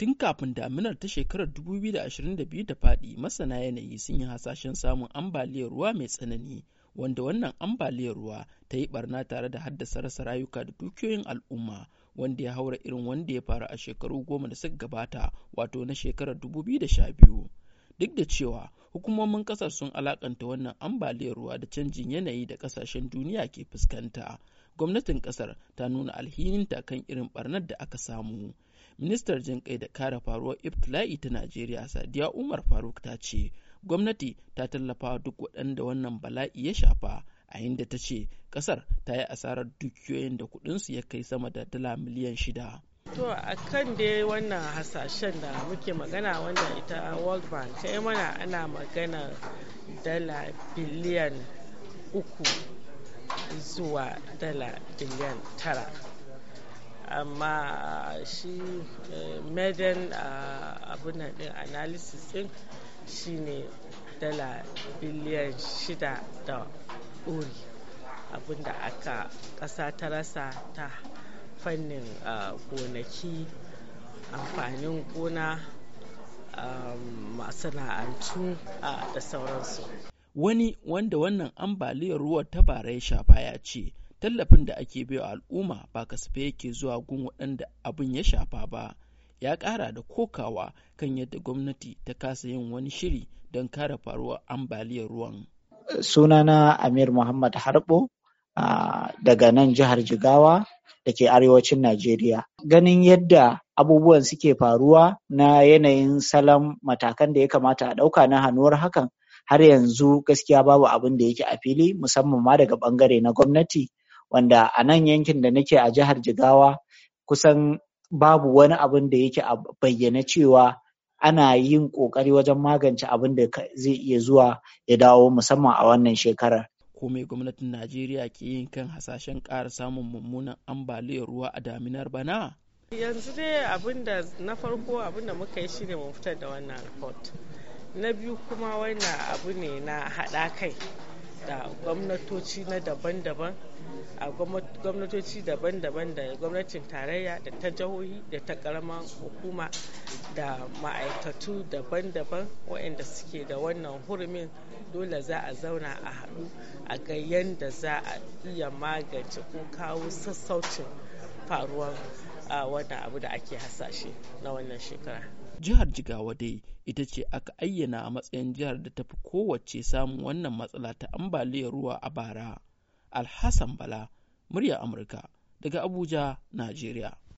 Tun kafin daminar ta shekarar 2022 ta faɗi, masana yanayi sun yi hasashen samun ambaliyar ruwa mai tsanani, wanda wannan ambaliyar ruwa ta yi barna tare da haddasa rasa rayuka da dukiyoyin al'umma, wanda ya haura irin wanda ya faru a shekaru goma da suka gabata, wato na shekarar 2012. duk da cewa hukumomin kasar sun alakanta wannan ambaliyar ruwa da canjin yanayi da kasashen duniya ke fuskanta gwamnatin kasar ta nuna alhininta kan irin barnar da aka samu ministar jin kai da kare faruwar ibtila'i ta najeriya sadiya umar faruk ta ce gwamnati ta tallafa duk waɗanda wannan bala'i ya shafa a inda ta ce kasar ta yi asarar dukiyoyin da kudinsu ya kai sama da dala miliyan shida To a kan dai wannan hasashen da muke magana wanda ita World Bank ta yi mana ana magana dala biliyan uku zuwa dala biliyan tara. Amma shi eh, medan ah, abin din analysis din ne dala biliyan shida da uri abinda aka ƙasa ta rasa ta fannin ah, gonaki amfanin gona ah, masana'antu ah, da sauransu wani wanda wannan ambaliyar ruwa ta bara ya shafa ya ce tallafin da ake baiwa al'umma ba kasafai yake zuwa gun waɗanda abin ya shafa ba ya ƙara da kokawa kan yadda gwamnati ta kasa yin wani shiri don kare faruwar ambaliyar ruwan sunana amir muhammad harbo daga nan jihar Jigawa da ke arewacin Najeriya. Ganin yadda abubuwan suke faruwa na yanayin salon matakan da ya kamata a ɗauka na hannuwar hakan har yanzu gaskiya babu abin da yake a fili musamman ma daga ɓangare na gwamnati wanda a nan yankin da nake a jihar Jigawa kusan babu wani abin da yake a bayyana cewa ana yin ƙoƙari wajen magance abin da zai iya zuwa ya dawo musamman a wannan shekarar. komai gwamnatin najeriya ke yin kan hasashen ƙara samun mummunan ambaliyar ruwa a daminar bana yanzu dai abinda na farko abinda muka yi shine mu fitar da wannan report na biyu kuma wannan abu ne na haɗa kai da gwamnatoci na daban-daban a gwamnatoci daban-daban da gwamnatin tarayya da ta jihohi da ta ƙaramar hukuma da ma'aikatu daban-daban waɗanda suke da wannan hurumin dole za a zauna a haɗu a ga yadda za a iya magance ko kawo sassaucin faruwar wannan abu da ake hasashe na wannan shekara. Jihar Jigawa dai ita ce aka ayyana a matsayin jihar da tafi kowace samun wannan matsala ta ambaliyar ruwa a bara. Alhassan Bala, murya Amurka, daga Abuja, Najeriya.